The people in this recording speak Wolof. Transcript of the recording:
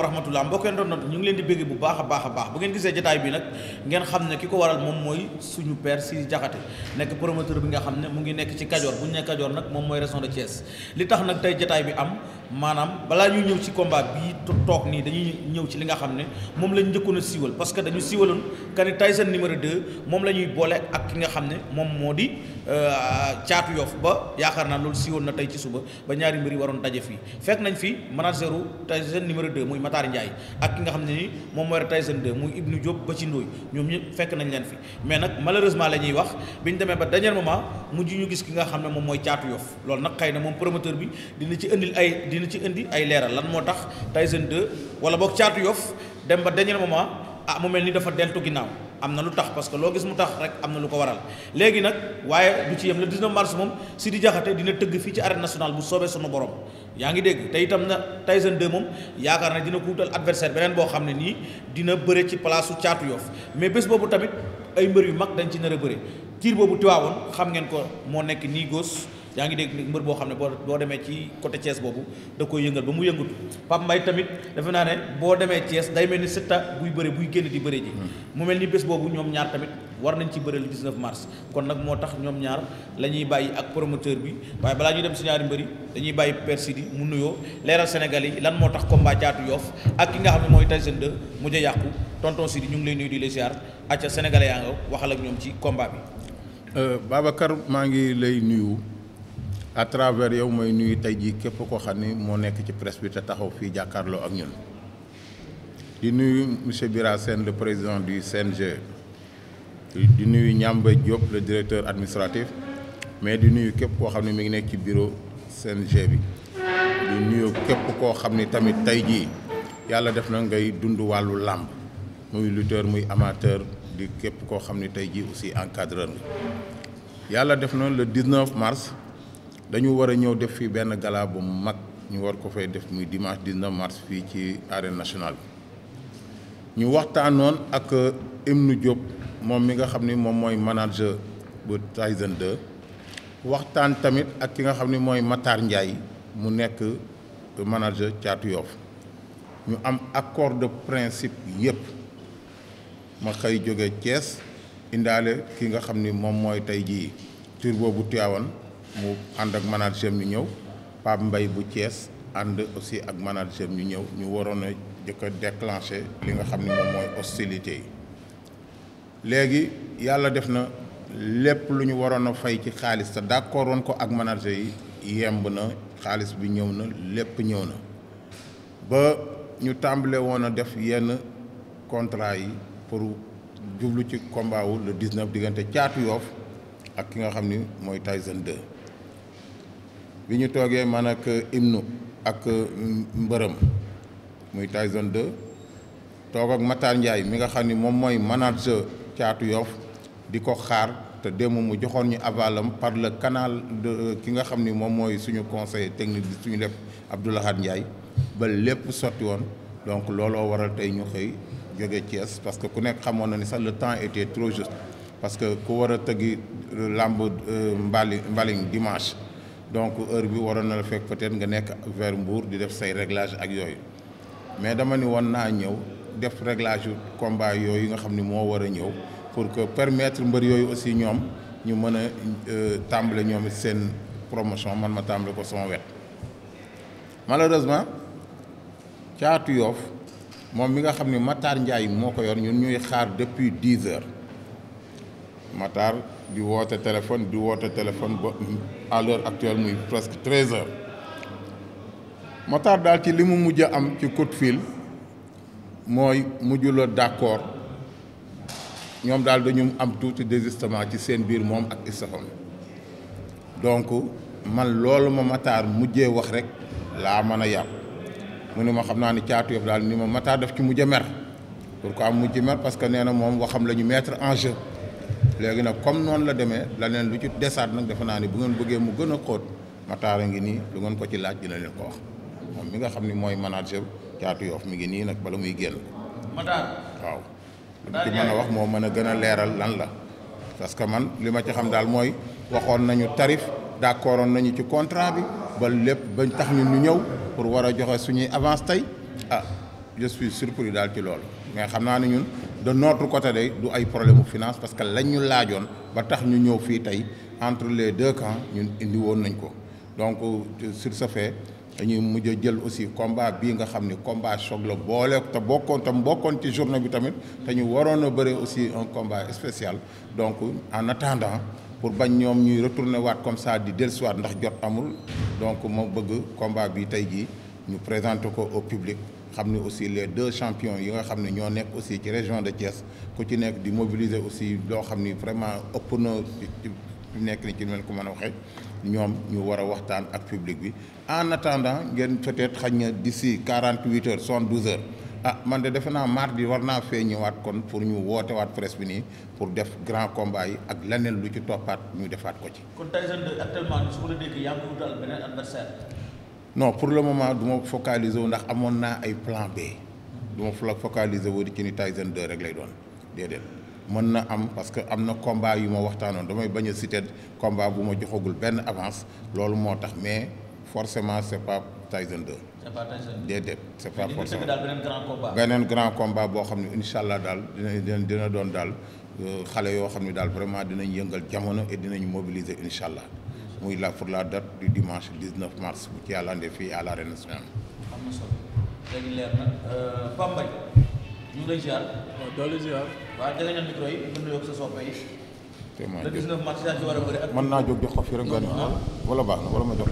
wa rahmatullah mbokkeen doon not ñu ngi leen di bégg bu baax a baax a baax bu ngeen gisee jotaay bi nag ngeen xam ne ki ko waral moom mooy suñu père si jaxate nekk promoteur bi nga xam ne mu ngi nekk ci Kajoor bu ñu Kajoor nag moom mooy région de Thiès li tax nag tey jataay bi am maanaam balaa ñuy ñëw ci combat bii toog nii dañuy ñëw ci li nga xam ne moom lañ njëkkoon a siiwal parce que dañu siiwaloon que ni Tyson numéro 2 moom la ñuy boole ak ki nga xam ne moom moo di caatu euh, yof ba yaakaar naa loolu siiwal na tey ci suba ba ñaari mbir yi waroon daje fii fekk nañ fi manageru Tyson numéro 2 muy Matar Ndiaye ak ki nga xam ne ni moom moo war Tyson 2 muy Ibnu Diop ba ci Ndoy ñoom ñëpp fekk nañ leen fi mais nag malheureusement la ñuy wax bi ñu demee ba dernier moment mujj ñu gis ki nga xam ne moom mooy caatu yof loolu nag xëy na moom promoteur bi dina ci indil dina ci indi ay leeral lan moo tax Tyson 2 wala boo caatu yof dem ba dernier moment ah mu mel ni dafa deltu ginnaaw am na lu tax parce que loo gis mu tax rek am na lu ko waral léegi nag waaye du ci yem le 19 mars moom si di jaxate dina tëgg fii ci arène nationale bu soobee sunu borom yaa ngi dégg te itam na Tyson de moom yaakaar na dina ko wutal adversaire beneen boo xam ne nii dina bëre ci palaasu caatu yof mais bés boobu tamit ay mbër yu mag dañ ci nar a bëre tiir boobu tiwaawoon xam ngeen ko yaa ngi dégg mbër boo xam ne boo boo demee ci côté Thiès boobu da koy yëngal ba mu yëngatu Pape tamit defe naa ne boo demee Thiès day mel ni Siteu buy bëri buy génn di bëri ji hmm. mu mel ni bés boobu ñoom ñaar tamit war nañ ci bëri le 19 mars kon nag moo tax ñoom ñaar la ñuy bàyyi ak promoteur bi waaye balaa ñuy dem si ñaari mbëri dañuy bàyyi Père Sidi mu nuyoo leeral Sénégal yi lan moo tax combat jaatu yoof ak ki nga xam ne mooy Tyson 2 mujj a yàqu tonton Sidi ñu ngi lay nuyu di les ziar acca sénégalais yaa nga waxal ak ñoom ci combat bi euh, Babacar maa ngi lay nuyu à travers yow mooy nuyu tey jii képp koo xam ni moo nekk ci presse bi te taxaw fii jàkkaarloo ak ñun di nuyu monsieur Bira Sène le président du g di nuyu Ndiambé Diop le directeur administratif mais di nuyu képp koo xam ne mi ngi nekk ci bureau CNG bi di nuyu képp koo xam ni tamit tey jii yàlla def na ngay dund wàllu làmb muy lutteur muy amateur di képp koo xam ni tey jii aussi encadreur bi yàlla def na le mars dañu war a ñëw def fii benn gala bu mag ñu war ko fay def muy dimanche 19 mars fii ci arène national bi ñu waxtaanoon ak euh, Imnu jóg moom mi nga xam ni moom mooy manager bu Tyson waxtaan tamit ak ki nga xam ni mooy Matar Ndiaye mu nekk euh, manager Thiatou Yoff ñu am accord de principe yëpp ma xëy jóge Thiès indaale ki nga xam ni moom mooy tey jii tur boobu Tivaouane mu ànd ak manager ñu ñëw Pape mbay bu cees ànd aussi ak manager ñu ñëw ñu waroon a jëkk a déclenché li nga xam ne moom mooy hostilité yi léegi yàlla def na lépp lu ñu waroon a ci xaalis te d'accord woon ko ak manager yi yemb na xaalis bi ñëw na lépp ñëw na ba ñu tàmbale woon a def yenn contrat yi pour jublu ci combat wu le diggante Caatu Yoof ak ki nga xam ni mooy Tyson de bi ñu toogee man ak euh, imnu ak euh, mbërëm muy Tyson de toog ak Matar Ndiaye mi nga xam ni moom mooy manager caatu Yoff di ko xaar te démb mu joxoon ñu avalam par le canal de euh, ki nga xam ni moom mooy suñu conseil technique bi suñu def Abdoulahad Ndiaye ba lépp sotti woon donc looloo waral tey ñu xëy jóge Thiès parce que ku nekk xamoon na ni sax le temps était trop juste parce que ku war a tëggi làmb mbali mbaling dimanche donc heure bi waroon na la fekk peut nga nekk vers Mbour di def say réglage ak yooyu mais dama ni woon naa ñëw def réglage yu combat yooyu nga xam ni moo war a ñëw pour que permettre mbër yooyu aussi ñoom ñu mën a euh, tàmbale ñoom it seen promotion man ma tàmbale ko sama wet malheureusement caatu yoof moom mi nga xam ni Matar Ndiaye moo ko yor ñun ñuy xaar depuis dix heures Matar di woote téléphone di woote téléphone ba à l'heure actuelle muy presque treize heures daal ci li mu mujj a am ci coup de fil mooy mujjula d'accord ñoom daal dañu am tuuti désistement ci seen biir moom ak Issaoum donc man loolu ma Matar mujjee wax rek laa mën a yàpp mu ne ma xam naa ni caatu yëpp daal ni ma Matar def ci mujj a mer pourquoi mujj mer parce que nee na moom waxam la ñu mettre en léegi nag comme noonu la demee la leen lu ci desaat nag defe naa ni bu ngeen bëggee mu gën a xóot mataara ngi nii lu ngeen ko ci laaj dina leen ko wax moom mi nga xam ni mooy manager caatu yoof mi ngi nii nag bala muy génn. waaw. lu ci mën a wax moo mën a gën a leeral lan la parce que man li ma ci xam daal mooy waxoon nañu tarif d'accordoon nañu ci contrat bi ba lépp bañ tax ñu ñu ñëw pour war a joxe suñuy avance tey ah je suis surpris daal ci loolu mais xam naa ne ñun. de notre côté day du ay problème finance parce que lañ ñu laajoon ba tax ñu ñëw fii tey entre les deux camps ñun indi woon nañ ko donc euh, sur fait dañuy mujj a jël aussi combat bii nga xam ni combat choc boole te bokkoon tam bokkoon ci journée bi tamit te ñu waroon a bëri aussi un combat spécial donc en attendant pour bañ ñoom ñuy retourner waat comme ça di dellusiwaat ndax jot amul donc moo bëgg combat bii tey jii ñu présenter ko au public xam ne aussi les deux champions yi nga xam ne ñoo nekk aussi ci région de Thiès ku ci nekk di mobiliser aussi loo xam ni vraiment ëpp na ci nekk ni ci mel ko mën a waxe ñoom ñu war a waxtaan ak public bi en attendant ngeen peut-être xañ na d'ici quarante huit heures soixante douze heures ah man de defe naa mardi war naa fee ñëwaat kon pour ñu woote waat presse bi nii pour def grand combat yi ak leneen lu ci toppaat ñu defaat ko ci. kon Tyson actuellement su non pour le moment du ma focaliser wu ndax amoon naa ay plan B du ma focaliser woo di ci ni Tyson 2 rek lay doon déedéet mën na am parce que am na combat yu ma waxtaanoon damay bañ a citer komba bu ma joxagul benn avance loolu moo tax mais forcément c'est pas Tyson 2. c'est pas Tyson 2 déedéet c'est pas forcément beneen grand combat. boo xam ne incha allah daal dina dina doon daal euh, xale yoo xam ne daal vraiment dinañ yëngal jamono et dinañ mobiliser incha allah. muy la pour la date du dimanche 19 mars bu ci yàlla fii à l'arène nationale. am na solo léegi leer na euh, Pape Mbaye ñu ngi lay ziar. waaw oh, doole ziar. waaw dégg nañu micro yi mën na yokk sa a jox ko fii rek nga ne wala baax na wala ma jox ko.